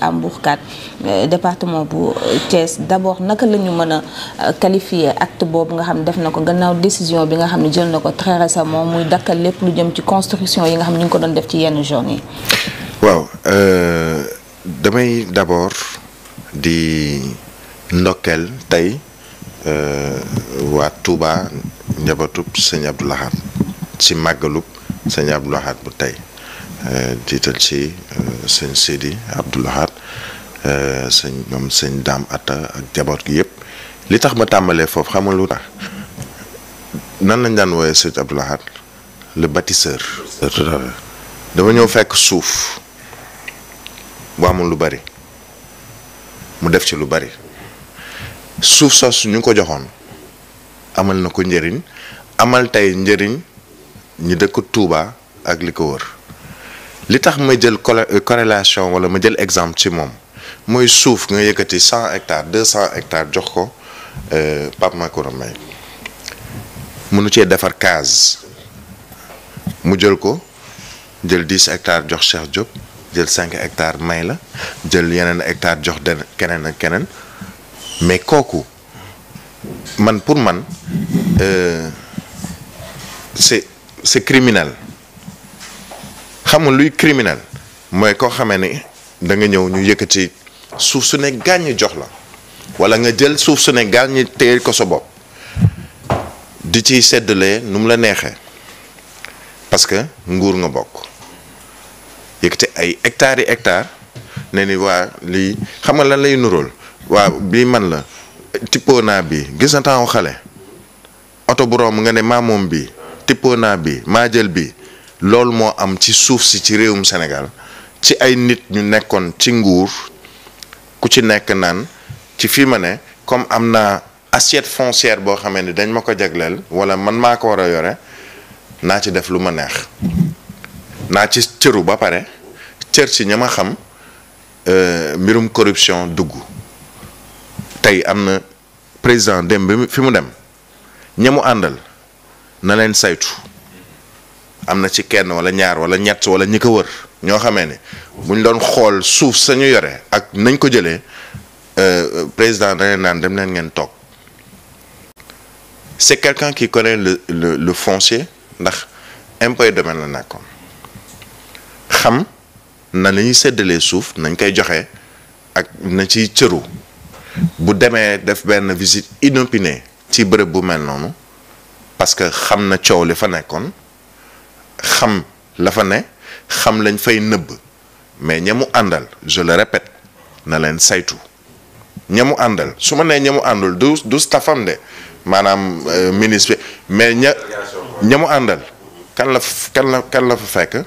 à Mbourkat euh, département bu euh, Thiès d'abord naka la ñu mën a euh, qualifier acte boobu nga xam ne def na ko gannaaw décision bi nga xam ne jël na ko très récemment muy dakkal lépp lu jëm ci construction yi nga xam ne ñu ngi ko doon def ci yenn journée yi. waaw damay d'abord di ndokkeel tey waa Touba njabatub sëñ Abdoul Ahad ci màggalub sëñ Abdoul Ahad bu tey. jiital euh, ci euh, sëñ Sidi Abdou Lahad euh, sëñ ñoom sëñ Daam Atta ak jaboot gi yëpp li tax ma tàmbalee foofu xam na lu nan lañ daan wooyee sëñ Abdou Lahad le bâtisseur. dama ñëw fekk suuf bu amul lu bari mu def ci lu bari suuf sos ñu ko joxoon amal na ko njëriñ amal tey njëriñ ñi dëkk tuubaa ak li ko wër. L'état de je corrélation, ou je vais exemple, je vais que 100 hectares, 200 hectares, je vais pas me faire de Je de faire une case. Je vais faire 10 hectares, de vais 5 hectares, de vais faire 1 hectare, de vais Mais quoi man, Pour man, euh, c'est criminel. xamul luy criminal mooy koo xame ni da nga ñëw ñu yëkkati suuf su ne gàññi jox la wala nga jël suuf su ne gàññi téye ko sa bopp di ciy seddalee nu mu la neexee parce que nguur nga bokk yëkkati ay hectares yi hectares ne ni waa lii xam nga lan lay nuróol waa bii man la tippoo naa bii gis na temps xale oto bu romb nga ne maamoom bii tippoo naa bii maa jël bii loolu moo am ci suuf si ci réewum Sénégal ci ay nit ñu nekkoon ci nguur ku ci nekk naan ci fi ma ne comme am na assiette foncière boo xamee ni dañ ma ko jagleel wala man maa ko war a yore naa ci def lu ma neex naa ci cëru ba pare cër ci ña ma xam euh, mbirum corruption dugg tey am na président dem fi mu dem ña mu àndal na leen saytu amna ci kenn wala ñaar wala ñett wala ñi wër buñ doon suuf sañu ak nañ ko euh, président c'est quelqu'un qui connaît le le le foncier ndax peu de domaine la xam na la suuf nañ koy joxé ak na ci cëru bu def visite inopinée ci bërëb bu parce que xam na fa xam la ne xam lañ fay nëbb mais ñamu àndal je le répète na leen saytu ñamu mu àndal su ma nee ñamu mu àndul du du stafam de maanaam euh, ministre mais ña ña mu àndal kan la fekk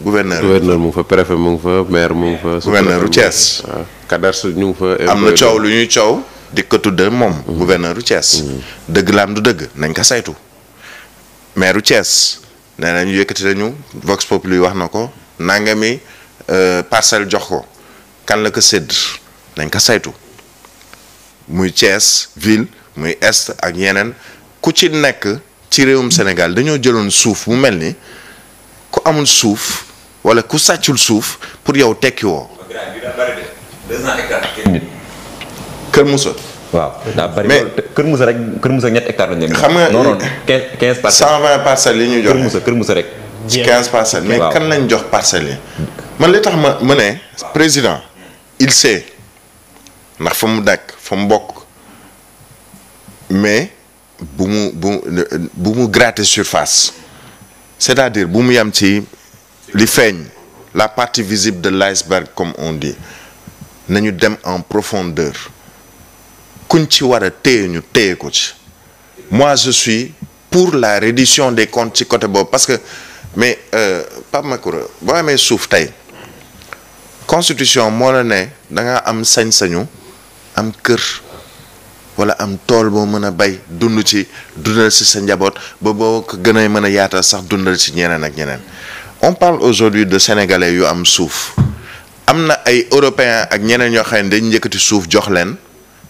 gouverneur mu ngi fa préfet mu ngi fa maire mu ngi fa. gouverneur u Thiès. cadastre ñu e e. am na coow lu ñuy coow. di ko tudde moom. Mhm. gouverneur u Thiès. Mhm. dëgg laam du dëgg nañ ko saytu. maire u nee na ñu yëkkati nañu Vox Populi wax na ko nanga nangami euh, parcelle jox ko kan la ko sédd dañ ko saytu muy Thiès ville muy est ak yeneen ku ci nekk ci réewum Sénégal dañoo jëloon suuf mu mel ni ku amul suuf wala ku sàccul suuf pour yow tekki woo. waaw daa bari loolu te Kër Moussa rek Kër Moussa ñetti hectares lañ non non quinze parcelles. cent vingt parcelles yi ñu joxe Kër Moussa Kër Moussa rek. ci quinze parcelles mais kan lañ jox parcelles yi. man li tax ma ma président il sait ndax fa mu dàkk fa mu bokk mais bu mu bu bu mu gratter surface c'est-à-dire bu mu yam ci li feeñ la partie visible de l'iceberg comme on dit nañu dem en profondeur moi je suis pour la reddition des comptes ci côté bob parce que mais pas bo amé souf tay constitution mo la né da nga am sañ-sañu am kër wala am tol bo meuna bay dund ci dundal ci sa njabot bo ko a sax ci ñeneen ak ñeneen on parle aujourd'hui de sénégalais yu am souf am ay européens ak ñeneen un dañu yëkëti jox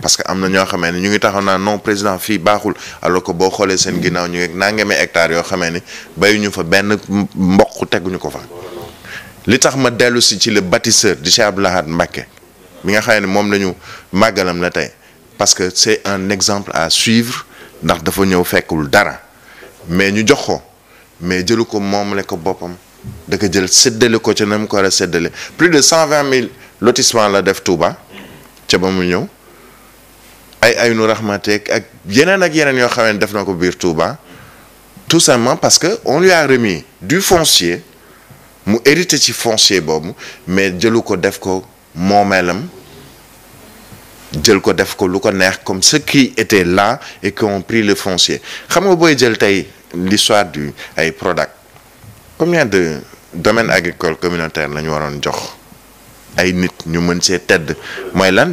parce que nous ñoo que nous ñu non président alors que bo xolé seen ñu ngi hectare yo xamé ni bayu fa fa. li tax ma ci le bâtisseur Cheikh fait mi nga xamé fait parce que c'est un exemple à suivre ndax dafa ñew fekkul dara mais ñu mais jëluko mom le ko bopam da ko jël plus de 120 000 lotissements lotissement la def Touba ci ay ay nu bien ak qui ak yeneen yoo xam ne Touba tout simplement parce que on lui a remis du foncier mu hérité du foncier mais il a def ko moomeelam de ko def ko comme ceux qui étaient là et qui ont pris le foncier xam nga booy l'histoire du product combien de domaines agricoles communautaires nous avons fait? jox ay nit ñu mën see tedd lan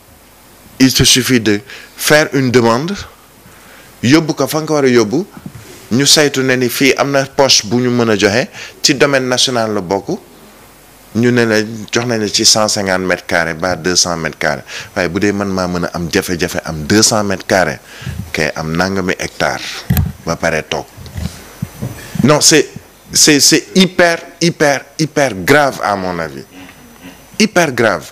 il te suffit de faire une demande yóbbu ko fa nga ko ñu saytu ne ni fii am na poche bu ñu mën a joxe ci domaine national la bokk ñu ne la jox nañ la ci 150 mètres carrés ba deux cent mètres carrés waaye bu dee man maa mën a am jafe-jafe am deux cent mètres carrés kay am nangami hectare ba pare toog non c'est c'est c'est hyper hyper hyper grave à mon avis hyper grave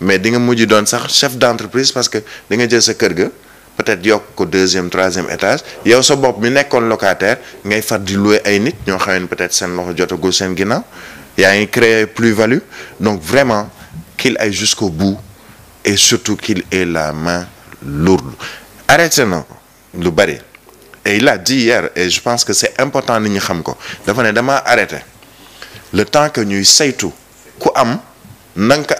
mais di nga mujj doon sax chef d'entreprise parce que di nga jël sa kër ga peut-être a ko deuxième troisième étage yow sa bopp mi nekkoon locataire ngay far di louer ay nit ñoo xam peut-être seen loxo jotagul seen ginnaaw yaa ngi créer plus-value donc vraiment qu'il aille jusqu'au bout et surtout qu'il ait la main lourde arrêtez na lu bari et il a dit hier et je pense que c'est important nit ñi xam ko dafa ne dama arrêté le temps que ñuy saytu ku am na nous ko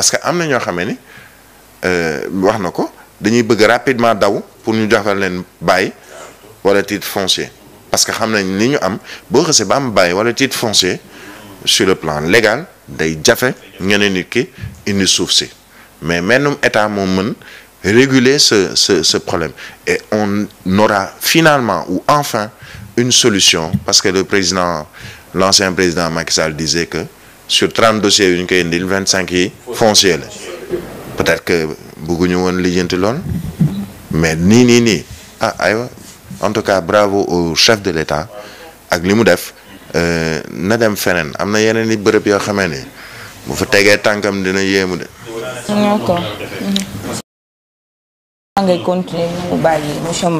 parce que amna na xamné euh waxnako dañuy bëgg rapidement daw pour ñu joxal leen bay wala titre foncier parce que xam nañ li ñu am bo xasee ba am bay wala titre foncier sur le plan légal day fait ñeneen nit ki indi suuf si mais même état mo mën réguler ce ce ce problème et on aura finalement ou enfin une solution parce que le président l'ancien président Macky Sall disait que sur 30 dossiers une ñu koy 25 yi foncier peut-être que bëgguñu woon lijjanti lool mais ni ni ni. ah aywa en tout cas bravo au chef de l'État ak li mu def euh, na dem feneen am na yeneen i bërëb yoo xamee ni bu fa tegee tànkam dina yéemu de. d'accord. maa continuer mu bàyyi monsieur